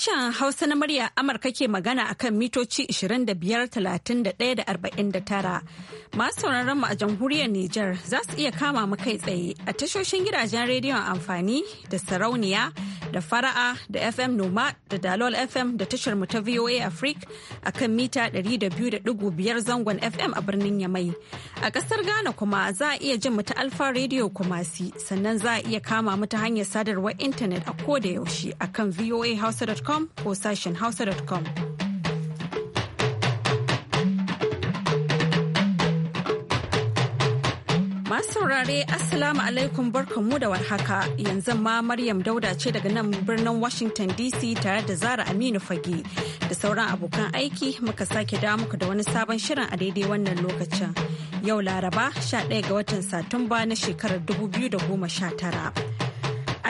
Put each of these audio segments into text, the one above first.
Sashen Hausa na murya Amurka ke magana akan mitoci 25,31,49. Masu sauraron mu a jamhuriyar Nijar za su iya kama mu kai tsaye a tashoshin gidajen rediyon amfani da sarauniya da fara'a da FM Noma da Dalol FM da tashar mu ta VOA Africa a kan mita 200.5 zangon FM a birnin Yamai. A kasar Ghana kuma za a iya jin mu ta Alfa rediyo Kumasi sannan za a iya kama mu ta hanyar sadarwar intanet a koda yaushe akan voahausa.com hausa.com ko sashen hausa.com. Masu saurare Assalamu alaikum barkanmu da warhaka yanzu ma Maryam Dauda ce daga nan birnin Washington DC tare da Zara Aminu Fage da sauran abokan aiki muka sake da muku da wani sabon shirin a daidai wannan lokacin. Yau Laraba 11 ga watan Satumba na shekarar 2019.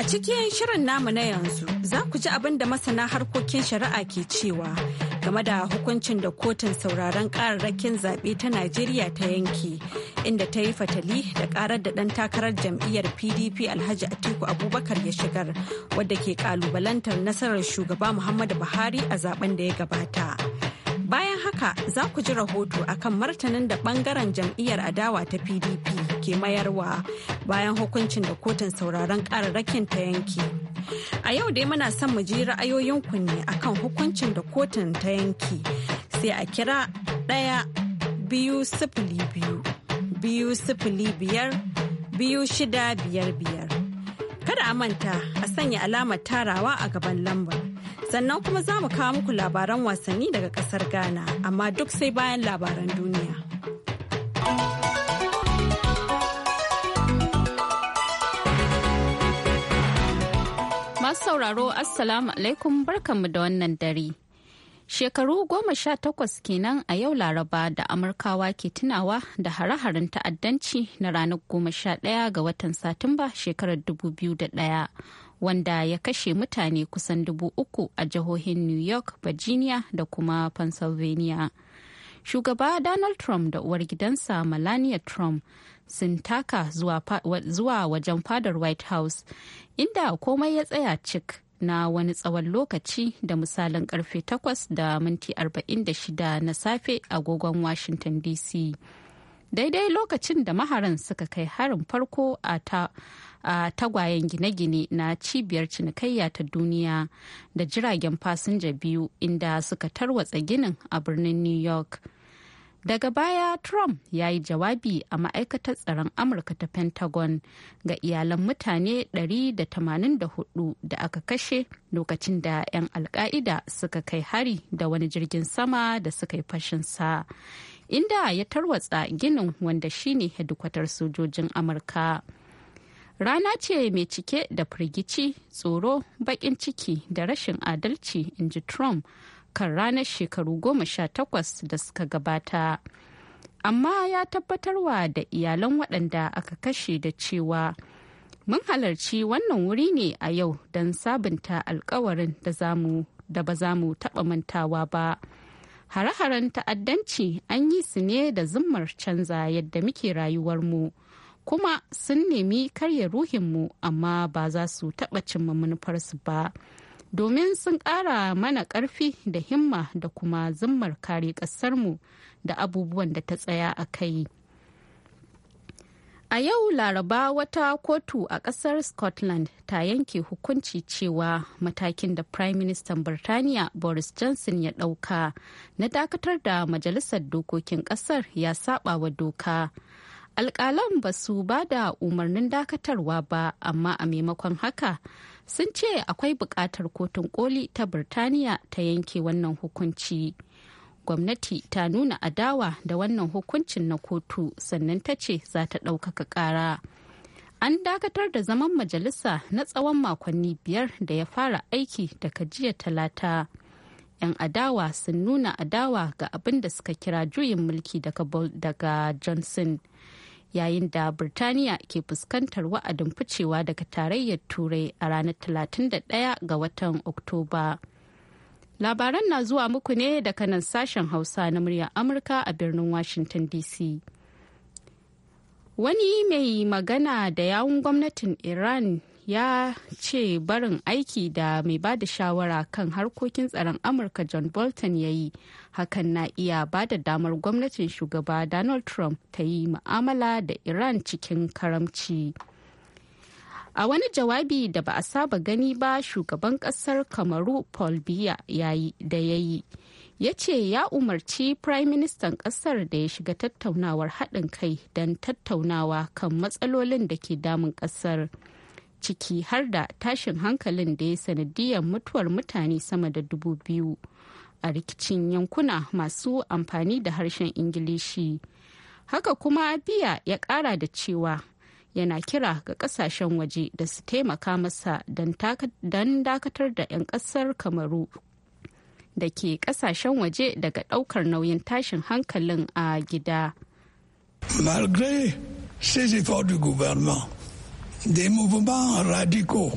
A cikin shirin namu na yanzu za ku ji abin da masana harkokin shari'a ke cewa game da hukuncin da kotun sauraron kararrakin zaɓe ta Najeriya ta yanke inda ta yi fatali da karar da ɗan takarar jam'iyyar PDP Alhaji Atiku Abubakar ya shigar wadda ke kalubalantar nasarar shugaba Muhammadu Buhari a zaben da ya gabata. Bayan haka za ku ji rahoto akan martanin da bangaren jam'iyyar adawa ta PDP ke mayarwa bayan hukuncin da kotun sauraron kararrakin ta yanki. A yau dai muna son mu ji ra'ayoyinku ne akan hukuncin da kotun ta yanki sai a kira ɗaya biyu sifili biyu biyu sifili biyar biyu shida biyar biyar. Kada a manta a sanya alamar tarawa a gaban lambar. Sannan kuma za mu kawo muku labaran wasanni daga kasar Ghana, amma duk sai bayan labaran duniya. Masu sauraro, Assalamu alaikum barkanmu da wannan dare. Shekaru goma sha takwas kenan a yau Laraba da Amurkawa ke tunawa da hare-haren ta'addanci na ranar goma sha ɗaya ga watan Satumba shekarar dubu biyu da ɗaya wanda ya kashe mutane kusan dubu uku a jihohin new york virginia da kuma pennsylvania shugaba donald trump da uwar gidansa melania trump sun taka zuwa wajen fadar white house inda komai ya tsaya cik na wani tsawon lokaci da misalin karfe 8 da minti 46 na safe agogon washington dc daidai lokacin da maharan suka kai harin farko a ta a tagwayen gine-gine na cibiyar cinikayya ta duniya da jiragen fasinja biyu inda suka tarwatsa ginin a birnin new york daga baya trump ya yi jawabi a ma'aikatar tsaron amurka ta pentagon ga iyalan mutane 184 da aka kashe lokacin da 'yan alka'ida suka kai hari da wani jirgin sama da suka yi fashinsa inda ya tarwatsa ginin wanda shine hedikwatar sojojin amurka Rana ce mai cike da firgici, tsoro, baƙin ciki da rashin adalci, in ji Trump kan ranar shekaru goma sha takwas da suka gabata. Amma ya tabbatarwa da iyalan waɗanda aka kashe da cewa mun halarci wannan wuri ne a yau don sabunta alkawarin da ba za mu taɓa mantawa ba. Hare-haren ta'addanci an yi su ne da zummar canza yadda muke rayuwarmu. mu. kuma sun nemi karya ruhinmu amma ba za su taɓa cimma manufarsu ba domin sun ƙara mana ƙarfi da himma da kuma zimmar kare ƙasarmu da abubuwan da ta tsaya a kai. A yau Laraba wata kotu a ƙasar Scotland ta yanke hukunci cewa matakin da Prime Minister Birtaniya Boris Johnson ya ɗauka na dakatar da Majalisar Dokokin ƙasar ya saba wa doka. alƙalan ba su ba da umarnin dakatarwa ba amma a maimakon haka sun ce akwai buƙatar kotun koli ta birtaniya ta yanke wannan hukunci gwamnati ta nuna adawa da wannan hukuncin na kotu sannan ta ce za ta ɗaukaka ƙara an dakatar da zaman majalisa na tsawon makonni biyar da ya fara aiki daga jiya talata 'yan adawa sun nuna adawa ga abin da suka kira juyin mulki daga johnson yayin da Birtaniya ke fuskantar wa'adin ficewa daga tarayyar Turai a ranar 31 ga watan Oktoba. Labaran na zuwa muku ne daga nan sashen Hausa na muryar Amurka a birnin Washington DC. Wani mai magana da yawun gwamnatin Iran ya ce barin aiki da mai ba da shawara kan harkokin tsaron Amurka John Bolton ya yi hakan na iya ba da damar gwamnatin shugaba donald trump ta yi ma'amala da iran cikin karamci a wani jawabi da ba a saba gani ba shugaban kasar kamaru paul biya yayi da ya yi ya ce ya umarci prime minister kasar da ya shiga tattaunawar haɗin kai don tattaunawa kan matsalolin da ke damun kasar ciki har da tashin hankalin da ya sanadiyar mutuwar mutane sama da dubu biyu a rikicin yankuna masu amfani da harshen ingilishi haka kuma biya ya kara da cewa yana kira ga kasashen waje da su taimaka masa don dakatar da 'yan kasar kamaru da ke kasashen waje daga daukar nauyin tashin hankalin a gida malgré ces efforts du gouvernement des mouvements radicaux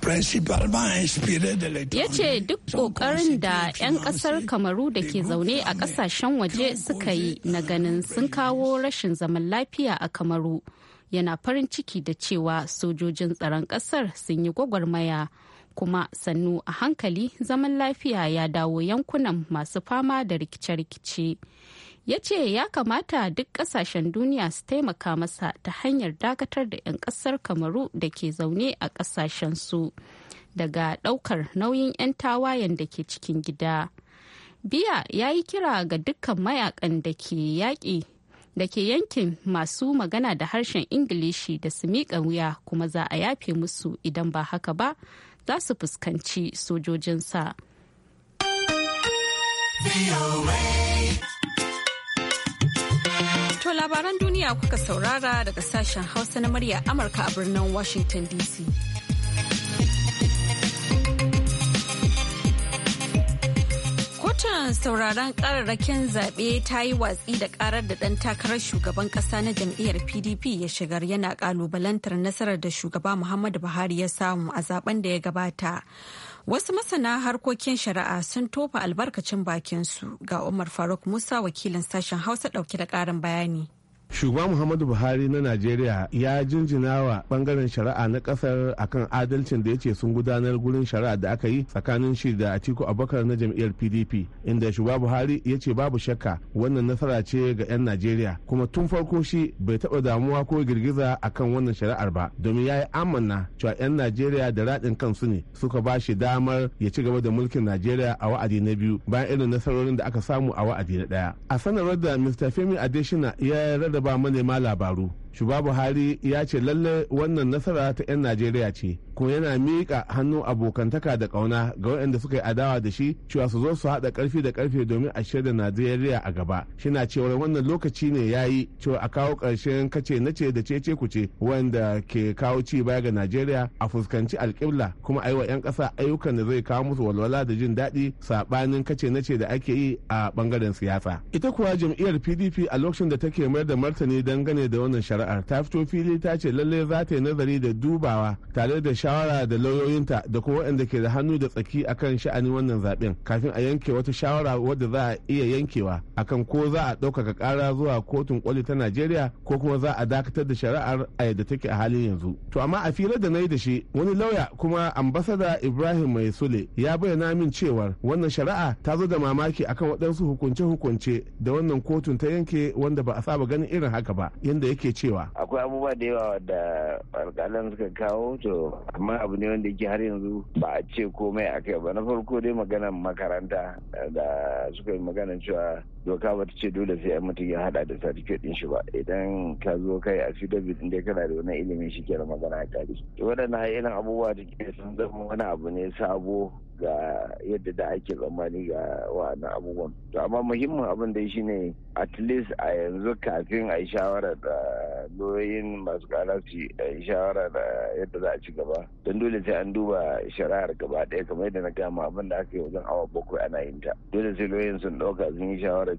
ya ce duk ƙoƙarin da 'yan ƙasar kamaru da ke zaune a kasashen waje suka yi na ganin sun kawo rashin zaman lafiya a kamaru yana farin ciki da cewa sojojin tsaron ƙasar sun yi gwagwarmaya kuma sannu a hankali zaman lafiya ya dawo yankunan masu fama da rikice-rikice. ya ce ya kamata duk kasashen duniya su taimaka masa ta hanyar dakatar da 'yan kasar kamaru da ke zaune a kasashen su daga daukar nauyin 'yan tawayen da ke cikin gida biya ya yi kira ga dukkan mayakan da ke yaƙi da ke yankin masu magana da harshen ingilishi da su miƙa wuya kuma za a yafe musu idan ba haka ba za su fuskanci sojojinsa. labaran duniya kuka saurara daga sashen Hausa na murya Amurka a birnin Washington DC. Kotun sauraron kararrakin zaɓe ta yi watsi da karar da ɗan takarar shugaban ƙasa na jam'iyyar PDP ya shigar yana ƙalubalantar nasarar da shugaba Muhammadu Buhari ya samu a zaben da ya gabata. Wasu masana harkokin shari'a sun tofa albarkacin bakinsu ga Umar Faruk Musa wakilin sashen Hausa ɗauke da ƙarin bayani. shugaba muhammadu buhari na najeriya ya jinjina wa bangaren shari'a na kasar akan adalcin da ya ce sun gudanar gurin shari'a da aka yi tsakanin shi da atiku abubakar na jam'iyyar pdp inda shugaba buhari ya ce babu shakka wannan nasara ce ga 'yan najeriya kuma tun farko shi bai taba damuwa ko girgiza akan wannan shari'ar ba domin ya yi amanna cewa 'yan najeriya da raɗin kansu ne suka ba shi damar ya ci gaba da mulkin najeriya a wa'adi na biyu bayan irin nasarorin da aka samu a wa'adi na ɗaya a sanarwar da mr femi adeshina ya rada ba manema labaru shugaba buhari ya ce lalle wannan nasara ta 'yan najeriya ce kuma yana miƙa hannu abokantaka da ƙauna ga waɗanda suka yi adawa da shi cewa su zo su haɗa ƙarfi da ƙarfe domin a shirya najeriya a gaba shi na cewa wannan lokaci ne ya yi cewa a kawo ƙarshen kace na ce da cece ce wanda ke kawo ci baya ga najeriya a fuskanci alƙibla kuma a yi wa 'yan ƙasa ayyukan da zai kawo musu walwala da jin daɗi saɓanin kace na ce da ake yi a ɓangaren siyasa ita kuwa jam'iyyar pdp a lokacin da take mayar da martani dangane da wannan shara shari'ar ta fito fili ta ce lalle za ta yi nazari da dubawa tare da shawara da lauyoyinta da kuma waɗanda ke da hannu da tsaki akan sha'anin wannan zaben kafin a yanke wata shawara wadda za a iya yankewa akan ko za a ɗaukaka ƙara zuwa kotun koli ta najeriya ko kuma za a dakatar da shari'ar a yadda take a halin yanzu to amma a filar da na yi da shi wani lauya kuma ambasada ibrahim mai sule ya bayyana min cewar wannan shari'a ta zo da mamaki akan waɗansu hukunce-hukunce da wannan kotun ta yanke wanda ba a saba ganin irin haka ba yadda yake cewa cewa akwai abubuwa da yawa da alƙalan suka kawo to amma abu ne wanda yake har yanzu ba a ce komai akai ba na farko dai maganan makaranta eh, da suka yi maganan cewa doka ba ce dole sai an mutum ya hada da certificate din shi ba idan ka zo kai a fidabit inda kana da wani ilimin shi kenan magana a kare waɗannan irin abubuwa da ke sun zama wani abu ne sabo ga yadda da ake tsammani ga wa'annan abubuwan to amma muhimmin abin da shi ne at least a yanzu kafin a yi shawara da loyin masu kalafi a yi shawara da yadda za a ci gaba don dole sai an duba shari'ar gaba ɗaya kamar yadda na gama abin da aka yi wajen awa bakwai ana yin ta dole sai loyin sun ɗauka sun yi shawara shawarar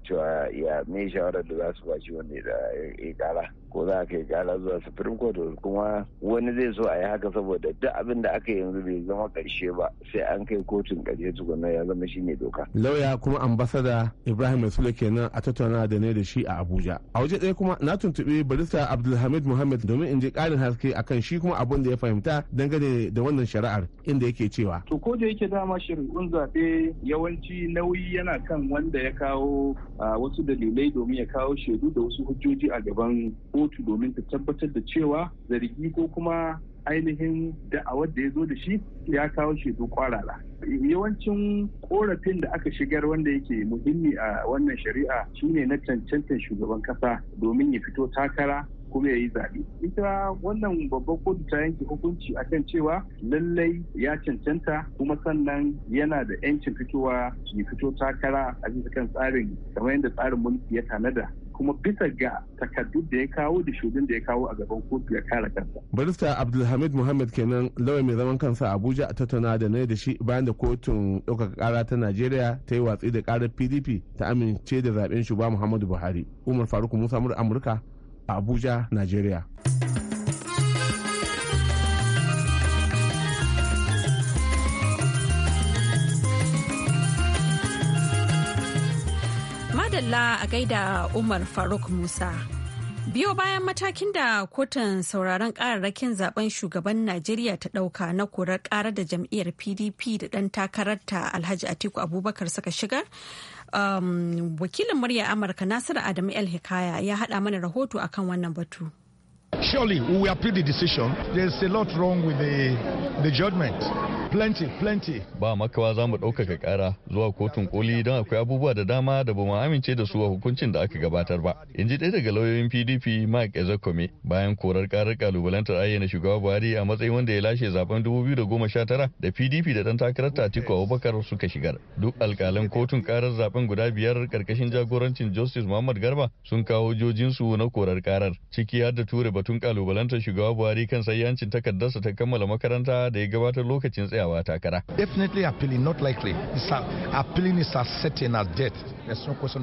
cewa ya me shawarar da za su ba shi wanda ya kara ko za a kai kara zuwa supreme court kuma wani zai so a yi haka saboda duk abin da aka yanzu bai zama karshe ba sai an kai kotun karshe tukuna ya zama shi ne doka. lauya kuma ambasada ibrahim sule kenan a tattauna da ne da shi a abuja a waje ɗaya kuma na tuntuɓi barista abdulhamid muhammad domin in ji ƙarin haske akan shi kuma abin da ya fahimta dangane da wannan shari'ar inda yake cewa. to ko da yake dama shari'un zaɓe yawanci nauyi yana kan wanda ya kawo wasu dalilai domin ya kawo shaidu da wasu hujjoji a gaban kotu domin ta tabbatar da cewa zargi ko kuma ainihin da'awar da ya zo da shi ya kawo shaidu kwarara yawancin korafin da aka shigar wanda yake muhimmi a wannan shari'a shine na cancantar shugaban kasa domin ya fito takara kuma ya yi zaɓe. Ita wannan babbar kotu ta yanke hukunci akan cewa lallai ya cancanta kuma sannan yana da 'yancin fitowa ya fito takara a bisa kan tsarin kamar yadda tsarin mulki ya tanada kuma bisa ga takardun da ya kawo da shugaban da ya kawo a gaban kotu ya kare kansa. Barista Abdulhamid Muhammad kenan lauya mai zaman kansa Abuja a tattauna da na da shi bayan da kotun ɗaukaka kara ta Najeriya ta yi watsi da karar PDP ta amince da zaben shugaba Muhammadu Buhari. Umar Faruk Musa Amurka a Abuja, nigeria. Madalla a gaida Umar Faruk Musa. Biyo bayan matakin da kotun sauraron kararrakin zaben shugaban Najeriya ta ɗauka na korar kara da jam'iyyar PDP da ɗan takararta Alhaji Atiku Abubakar suka shigar, Um, wakilin murya amurka nasiru adamu el hikaya ya haɗa mana rahoto akan wannan batu Surely we will appeal the decision. There's a lot wrong with the, the judgment. Plenty, plenty. Ba makawa za mu ɗaukaka ƙara zuwa kotun koli don akwai abubuwa da dama da ba mu amince da su a hukuncin da aka gabatar ba. In ji ɗaya daga lauyoyin PDP Mark Ezekome bayan korar ƙarar kalubalantar ayyana shugaba Buhari a matsayin wanda ya lashe zaben 2019 da PDP da ɗan takarar Atiku Abubakar suka shigar. Duk alƙalan kotun karar zaben guda biyar karkashin jagorancin Justice Muhammad Garba sun kawo jojinsu na korar karar ciki har da ture batun kalubalantar shugaba Buhari kan sayyancin takardarsa ta kammala makaranta da ya gabatar lokacin tsayawa takara. Definitely appealing not likely. It's a, appealing is as certain as death.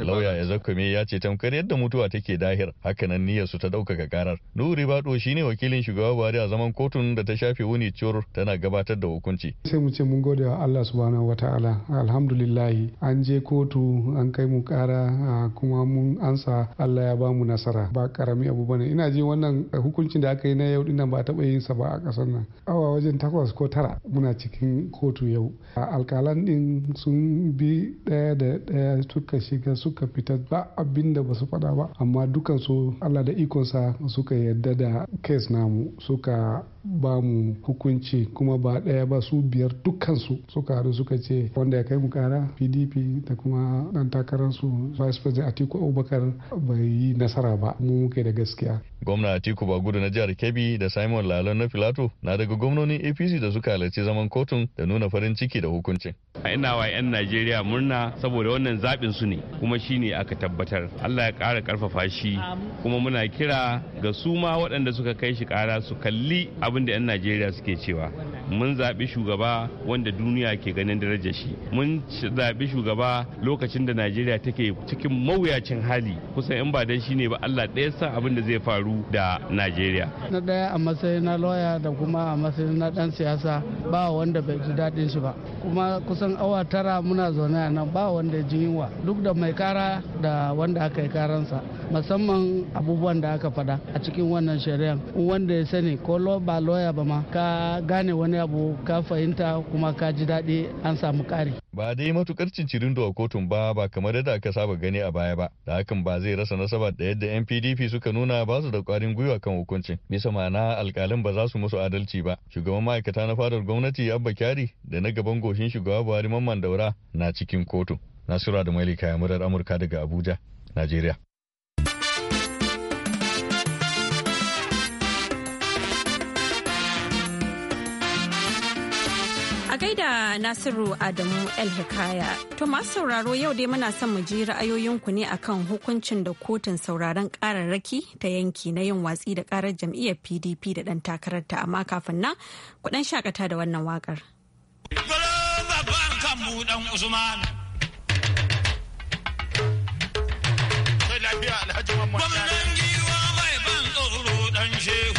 Lauya ya zakkame ya ce tamkar yadda mutuwa take dahir hakanan niyyar su ta ɗaukaka karar. Nuri Bado shine wakilin shugaba Buhari a zaman kotun da ta shafe wuni cur tana gabatar da hukunci. Sai mu ce mun gode wa Allah subhanahu wataala alhamdulillahi an je kotu an kai mu kara kuma mun ansa Allah ya bamu nasara ba karami abu bane ina ji wannan hukuncin da aka yi na yau nan ba a taɓa yin sa ba a kasar nan awa wajen takwas ko tara muna cikin kotu yau alkalan din sun bi ɗaya da ɗaya suka shiga suka fita ba abin da ba su faɗa ba amma dukansu allah da ikonsa suka yarda da kes namu suka ba mu hukunci kuma ba ɗaya ba su biyar dukkansu suka haɗu suka ce wanda ya kai mu kara pdp da kuma ɗan takararsu vice president atiku abubakar bai yi nasara ba mu muke da gaskiya gwamna atiku gudu na jihar kebbi da simon lalon na filato na daga gwamnonin apc da suka halarci zaman kotun da nuna farin ciki da hukuncin ina wa 'yan najeriya murna saboda wannan zaɓin su ne kuma shi ne aka tabbatar allah ya ƙara ƙarfafa shi kuma muna kira ga su ma waɗanda suka kai shi ƙara su kalli abin da 'yan najeriya suke cewa mun zaɓi shugaba wanda duniya ke ganin darajar shi mun zaɓi shugaba lokacin da najeriya take cikin mawuyacin hali kusan in ba dan shi ne ba allah ɗaya san abin da zai faru da najeriya na ɗaya a matsayin na loya da kuma a matsayin na ɗan siyasa ba wanda bai ji daɗin shi ba kuma kusan wajen awa tara muna zaune a nan ba wanda ji yunwa duk da mai kara da wanda aka yi karansa musamman abubuwan da aka fada a cikin wannan shari'a wanda ya sani ko ba loya ba ma ka gane wani abu ka fahimta kuma ka ji daɗi an samu ƙari ba dai matukar cincirin da kotun ba ba kamar yadda aka saba gani a baya ba da hakan ba zai rasa nasaba da yadda npdp suka nuna ba su da kwarin gwiwa kan hukuncin bisa ma'ana alkalin ba za su musu adalci ba shugaban ma'aikata na fadar gwamnati abba kyari da na gaban goshin shugaba buhari mamman daura na cikin kotu nasura da mailika ya murar amurka daga abuja najeriya da Nasiru Adamu El Hikaya. To masu sauraro yau dai muna son mu ji ra'ayoyinku ne akan hukuncin da kotun sauraron kararraki ta yanki na yin watsi da karar jam'iyyar PDP da ɗan takararta amma kafin nan kuɗan shakata da wannan wakar. Gwamnan giwa mai ban tsoro ɗan shehu.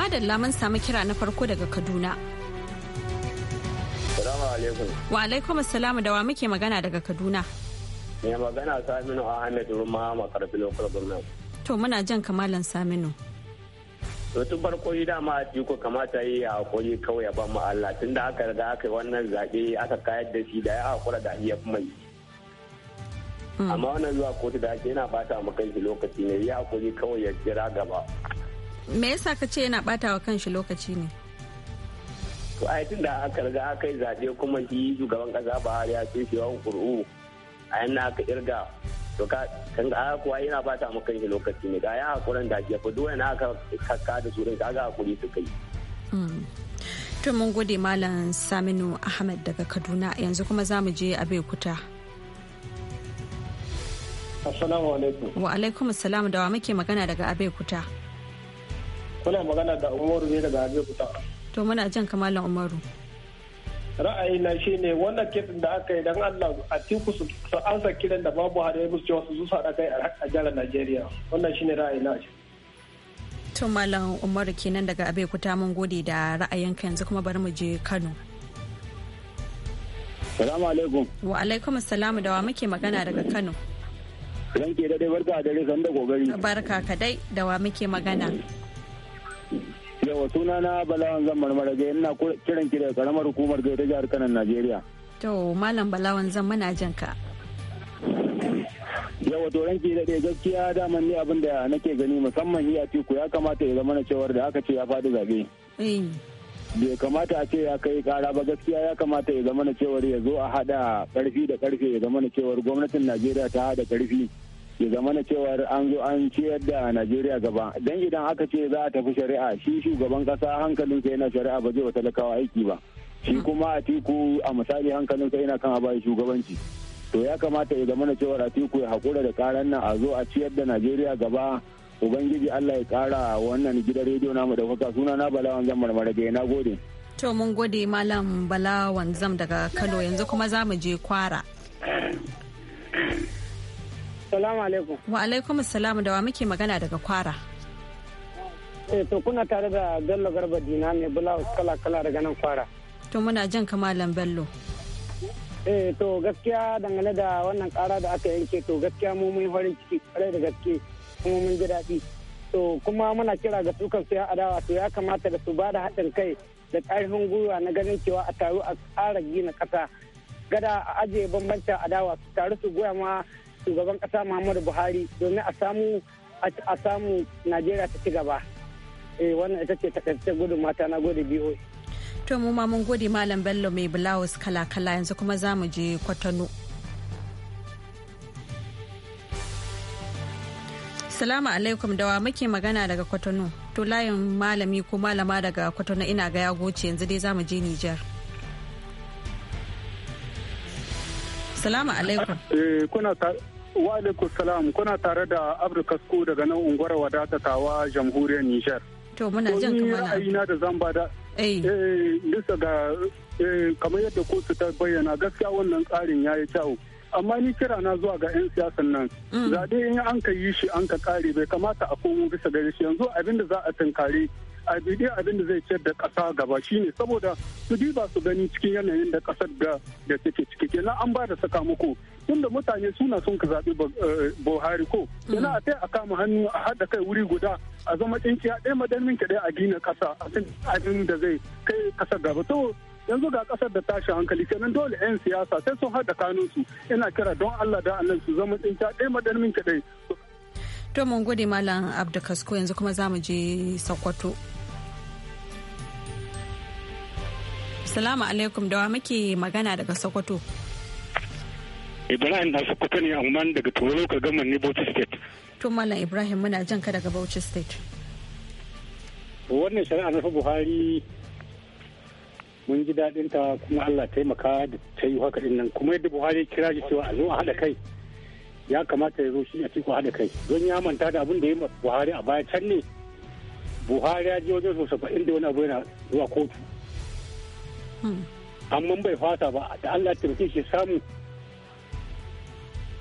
Madalla mun samu kira na farko daga Kaduna. Salamu alaikum. Wa alaikum assalam da wa muke magana daga Kaduna. Mai magana Saminu Ahmed Ruma makarfi local government. To muna jan kamalan Saminu. To tun farko yi dama ko kamata yi a koyi kawai ya ban Allah tun da aka riga aka wannan zaɓe aka kayar da shi da ya hakura da iya mai. Hmm. Amma wannan zuwa kotu da ake yana bata mu kai shi lokaci ne ya hakuri kawai ya jira gaba. me yasa ka ce yana bata wa kanshi lokaci ne to a tun da aka riga aka yi zaɓe kuma shi shugaban ƙasa Buhari ya ce yawan ƙuru'u a yana aka irga to ka kan ga kuwa yana bata mu kanshi lokaci ne ga ya hakuran da ke fa dole na aka kakka da su ka ga hakuri su kai mm. to mun gode malam Saminu ahmed daga Kaduna yanzu kuma za mu je Abeokuta Assalamu alaikum. Wa alaikum assalam da wa muke magana daga Abeokuta. kuna magana da umaru ne daga kuta. to muna jan kamalan umaru ra'ayina shi ne wannan kitin da aka yi don allah a tiku su ansa kiran da babu hada ya musu cewa su zusa da kai a jihar najeriya wannan shi ne ra'ayina shi to malam umaru kenan daga kuta mun gode da ra'ayinka yanzu kuma bari mu je kano Salamu alaikum. Wa alaikum assalamu da wa muke magana daga Kano. Ranke da dai barka da dare san da gogari Barka ka dai da wa muke magana. Yawa suna na Balawan Zamman Marage ina kiran ki daga karamar hukumar Gaita jihar Kano Najeriya. To Malam Balawan zan jan ka. Yawa to ranki da dai gaskiya daman ne abin da nake gani musamman iya tiku ya kamata ya zama na cewar da aka ce ya faɗi zabe. Eh. bai kamata a ce ya kai kara ba gaskiya ya kamata ya zama na cewar ya zo a hada karfi da karfe ya zama na cewar gwamnatin najeriya ta hada karfi ya zama na cewar an zo an ciyar da najeriya gaba don idan aka ce za a tafi shari'a shi shugaban kasa hankalinsa yana shari'a ba zai wata talakawa aiki ba shi kuma atiku a misali hankalinsa yana kan abayi shugabanci to ya kamata ya zama na cewar atiku ya hakura da karan nan a zo a ciyar da najeriya gaba ubangiji allah ya kara wannan gidan rediyo namu da kuka suna na balawan zan marmara na gode. To mun gode Malam Bala Wanzam daga Kano yanzu kuma za mu je kwara. Salamu alaikum. Wa alaikum salamu da wa muke magana daga kwara. Eh to kuna tare da Bello Garba Dina mai bulawus kala kala da nan kwara. To muna jan kamalan Bello. Eh to gaskiya dangane da wannan kara da aka yanke to gaskiya mu mun farin ciki kwarai da gaske kuma mun ji daɗi. To kuma muna kira ga tukan su ya adawa to ya kamata da su bada haɗin kai da ƙarfin gwiwa na ganin cewa a taru a tsara gina ƙasa. Gada a ajiye bambancin adawa su taru su goya ma shugaban kasa muhammadu buhari domin a samu a samu najeriya ta ci gaba eh wannan ita ce takaice gudun mata na gode boa to mu ma mun gode malam bello mai blouse kala kala yanzu kuma za mu je kwatano Assalamu alaikum dawa muke magana daga Kwatano. To layin malami ko malama daga Kwatano ina ga ya goce yanzu dai zamu je niger Salamu alaikum. Eh, kuna wa alaikum salam kuna tare da Abdu Kasko daga nan unguwar wadatatawa jamhuriyar Nijar. To muna jan kamar ra'ayina da zan bada. Eh, eh bisa ga eh, kamar yadda kotu ta bayyana gaskiya wannan tsarin yayi kyau. amma ni kira na zuwa ga 'yan siyasan nan mm. zaɓe in an ka yi shi an ka kare bai kamata a komo bisa gare shi yanzu abin da za a tunkari a bidi abin da zai ciyar da ƙasa gaba shine saboda su ba su gani cikin yanayin da ƙasar da da take ciki kenan an ba da sakamako tunda mutane suna sun ka zaɓi eh, buhari ko Yana a kai a kama hannu a haɗa kai wuri guda a zama a ɗaya madarmin ka ɗaya a gina ƙasa abin da zai kai ƙasa gaba to yanzu ga kasar da tashi hankali kenan dole 'yan siyasa sai sun hada kanunsu ina kira don allah da allah su zama tsinta ɗaya ka kaɗai to mun gode malam abdulkasko yanzu kuma za mu je sokoto salamu alaikum dawa muke magana daga sokoto ibrahim na sokoto ne amma daga turo ka gama ne bauchi state to malam ibrahim muna jan ka daga bauchi state wannan shari'a na buhari mun ji daɗin ta kuma Allah taimaka da ta yi haka dinnan nan kuma yadda Buhari kira shi cewa a zo a haɗa kai ya kamata ya zo shi a cikin haɗa kai don ya manta da abin da ya buhari a baya can ne buhari ya je wajen sosai saba'in inda wani abu yana zuwa kotu hmm. amma bai fasa ba da allah taimake shi samu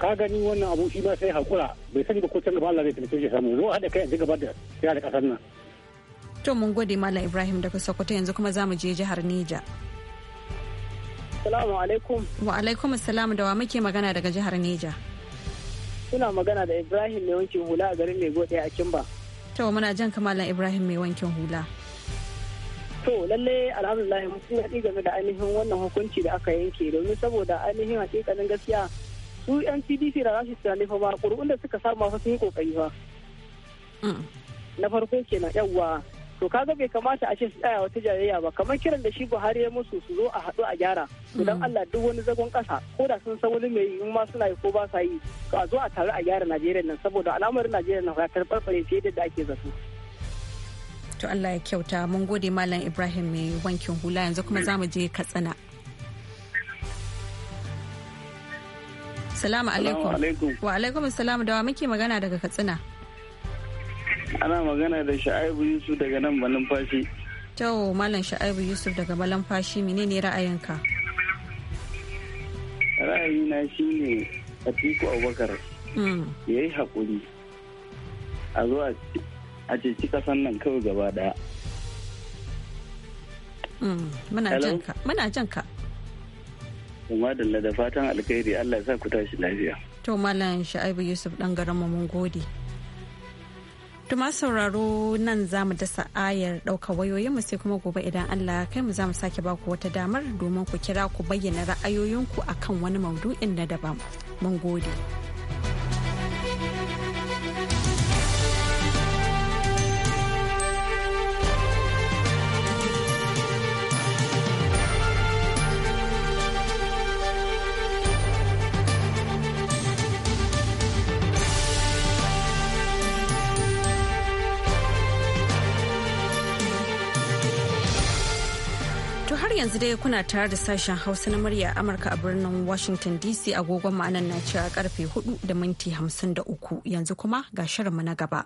ka gani wannan abu shi ma sai hakura bai sani ba ko can gaba allah zai taimake shi samu zo haɗa kai a gaba da da ƙasar nan. to mun gode malam ibrahim daga sokoto yanzu kuma za mu je jihar neja. Salamu alaikum. Wa alaikum salam da wa muke magana daga jihar Neja. Suna magana da Ibrahim mai wankin hula a garin mai gode a Kimba. To muna jan kamalan Ibrahim mai wankin hula. To lalle alhamdulillah mun daɗi game da ainihin wannan hukunci da aka yanke domin saboda ainihin hakikanin gaskiya su yan CDC da za su ne fa ma ƙuri'un da suka samu masu sun yi kokari ba mm. Na farko kenan yawwa to kaga bai kamata a ce su tsaya wata jayayya ba kamar kiran da shi Buhari ya musu su zo a haɗu a gyara to dan mm. Allah duk wani zagon ƙasa ko da sun san wani mai yi ma suna yi ko ba sa yi to a zo a tare a gyara Najeriya nan saboda al'amarin Najeriya na fatar farfare fiye da ake zato to Allah ya kyauta mun gode malam Ibrahim mai wankin hula yanzu kuma zamu je Katsina Salamu alaikum. Wa alaikum salamu dawa muke magana daga Katsina. ana magana da sha'aibu yusuf daga nan fashi tau malam sha'aibu yusuf daga mene menene ra'ayinka ra'ayina a tiku abubakar mm. ya yi haƙuri a zo a ceci kasan nan kawai gaba daya mm. muna jan ka. kuma da fatan alkhairi allah ya sa ku tashi lafiya to malam sha'aibu yusuf dan garin mun gode Tuma sauraro nan za mu dasa ayar ɗaukar wayoyinmu sai kuma gobe idan Allah kai mu za mu sake baku wata damar domin ku kira ku bayyana ra'ayoyinku akan wani maudu'in na daban. Mun gode. yanzu dai kuna tare da sashen hausa na murya amurka a birnin washington dc agogon ma'anar na cewa karfe 4 da minti 53 yanzu kuma ga shirinmu na gaba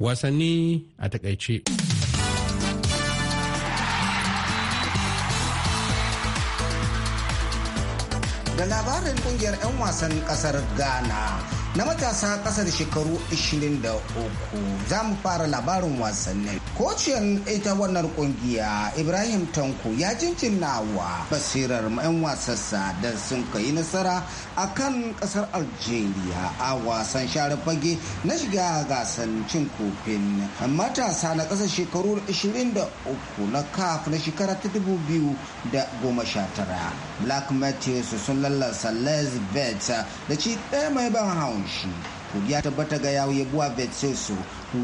wasanni a takaice da labarin kungiyar 'yan wasan kasar ghana na matasa kasa da shekaru 23 za mu fara labarin wasannin kociyar ita wannan kungiya ibrahim tanko ya jinjina wa basirar 'yan wasassa da sun kai nasara a kan ƙasar algeria a wasan share fage na shiga gasan cin kofin matasa na ƙasar shekaru 23 na kaf na shekara ta 2019 black matthews sun lallasa lesbeth da ci ɗaya mai ban haun haushi ya tabbata ga yawo buwa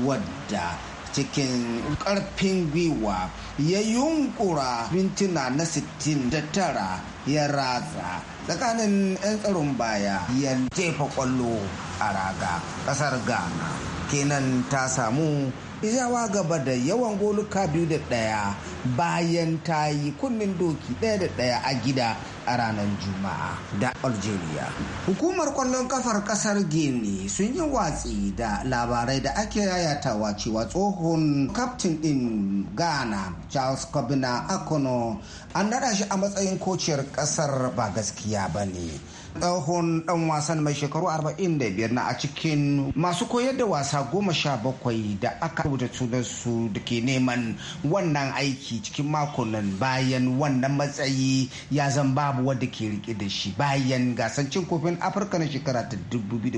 wadda cikin karfin gwiwa ya yunkura mintuna na 69 ya ratsa tsakanin 'yan tsaron baya ya jefa kwallo a raga kasar ghana kenan ta samu izawa gaba da yawan goluka biyu da daya bayan ta yi kunnen doki daya da daya a gida a ranar Juma'a da Algeria. Hukumar kwallon kafar kasar Guinea sun yi watsi da labarai da ake yayatawa cewa tsohon kaftin din Ghana Charles Kobina Akono an naɗa shi a matsayin kociyar kasar ba gaskiya ba ne. tsohon dan wasan mai shekaru 45 na a cikin masu koyar da wasa goma sha bakwai da aka rubuta su da ke neman wannan aiki cikin makonnan bayan wannan matsayi ya zan babu wadda ke rike da shi bayan gasancin kofin afirka na shekara ta 2019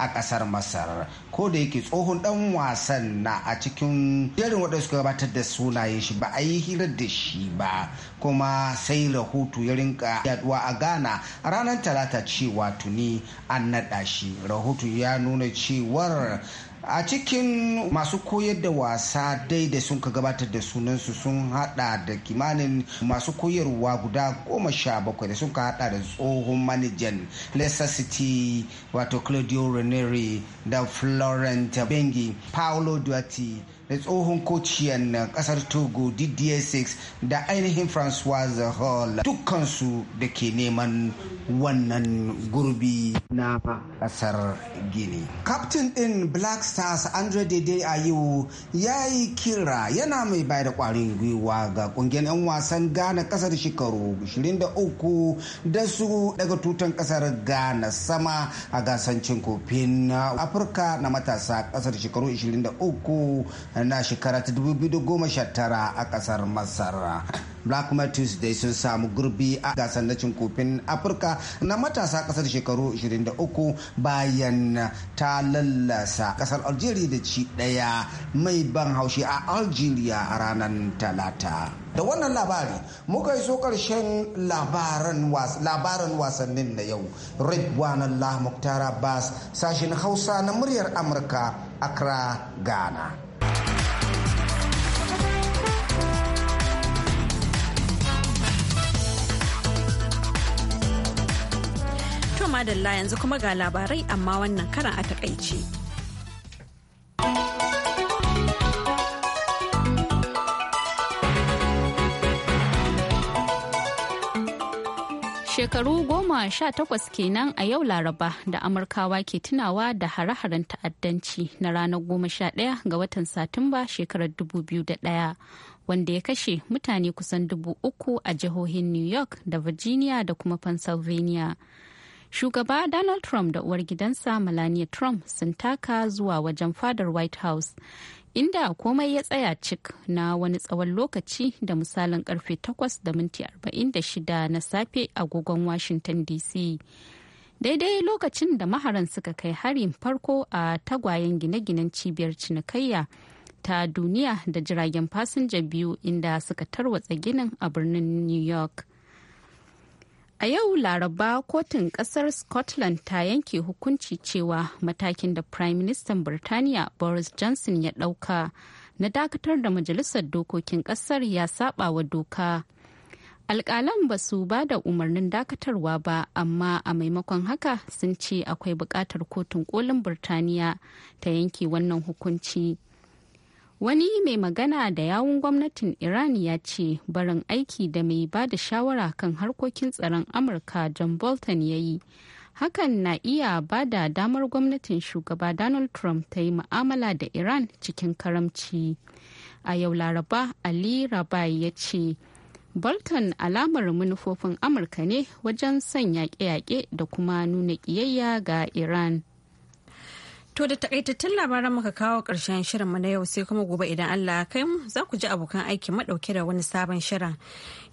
a kasar masar ko da yake tsohon dan wasan na a cikin jerin waɗanda suka gabatar da sunayen shi ba a yi hira da shi ba kuma sai rahoto ya rinka yaduwa a ghana a ranar talata cewa tuni an naɗa shi rahoto ya nuna cewar a cikin masu koyar da wasa dai da sun ka gabatar da sunansu sun hada da kimanin masu koyarwa guda goma sha bakwai da sun ka hada da tsohon manajan leicester city wato claudio ranieri da florent bengi paolo duarte da tsohon kociyan kasar togo Didier 6 da ainihin francois hall dukkansu da ke neman wannan gurbi na kasar gini captain din black stars andre dede ayew ya yi kira yana mai bayar da kwarin gwiwa ga kungiyar 'yan wasan ghana kasar shekaru 23 da su daga tutan kasar ghana sama a gasancin kofin afirka na matasa kasar shekaru 23 na shekara ta 2019 a kasar masar black matthews dai sun samu gurbi a gasar na cin kofin afirka na matasa kasar shekaru 23 bayan ta lallasa kasar algeria da ci daya mai ban haushi a algeria a ranar talata da wannan labari muka so karshen labaran wasannin na yau ridwan allah muktar abbas sashen hausa na muryar amurka accra ghana madalla yanzu kuma ga labarai amma wannan karan a takaice. Shekaru goma sha takwas kenan a yau Laraba da Amurkawa ke tunawa da hare-haren ta'addanci na ranar goma sha ɗaya ga watan Satumba shekarar dubu biyu da ɗaya. wanda ya kashe mutane kusan dubu uku a jihohin New York da Virginia da kuma Pennsylvania. Shugaba Donald Trump da uwar gidansa Melania Trump sun taka zuwa wajen fadar White House. Inda komai ya tsaya cik na wani tsawon lokaci da misalin karfe 8:46 na safe agogon Washington DC. daidai lokacin da maharan suka kai harin farko a tagwayen gine-ginen cibiyar cinikayya ta duniya da jiragen fasinja biyu inda suka tarwatsa ginin a birnin new york A yau Laraba kotun kasar Scotland ta yanke hukunci cewa matakin da Prime Minister Birtaniya Boris Johnson ya ɗauka na dakatar da Majalisar Dokokin kasar ya saba wa doka. Alƙalan ba su ba da umarnin dakatarwa ba, amma a maimakon haka sun ce akwai buƙatar kotun kolin Birtaniya ta yanke wannan hukunci. wani mai magana da yawun gwamnatin iran ya ce barin aiki da mai ba da shawara kan harkokin tsaron amurka john bolton ya yi hakan na iya ba da damar gwamnatin shugaba donald trump ta yi ma'amala da iran cikin karamci a yau laraba ali rabai ya ce bolton alamar manufofin amurka ne wajen sanya yaƙe-yaƙe da kuma nuna ƙiyayya ga iran To da takaitattun labaran muka kawo ƙarshen shirinmu na yau sai kuma gobe idan Allah ya kai mu za ku ji abokan aiki madauke da wani sabon shirin.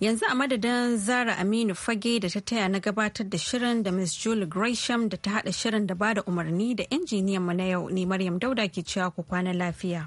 Yanzu a madadin Zara Aminu Fage da ta taya na gabatar da shirin da Miss Julie Gresham da ta hada shirin da ba da umarni da injiniyan mu na yau ne Maryam Dauda ke cewa ku kwana lafiya.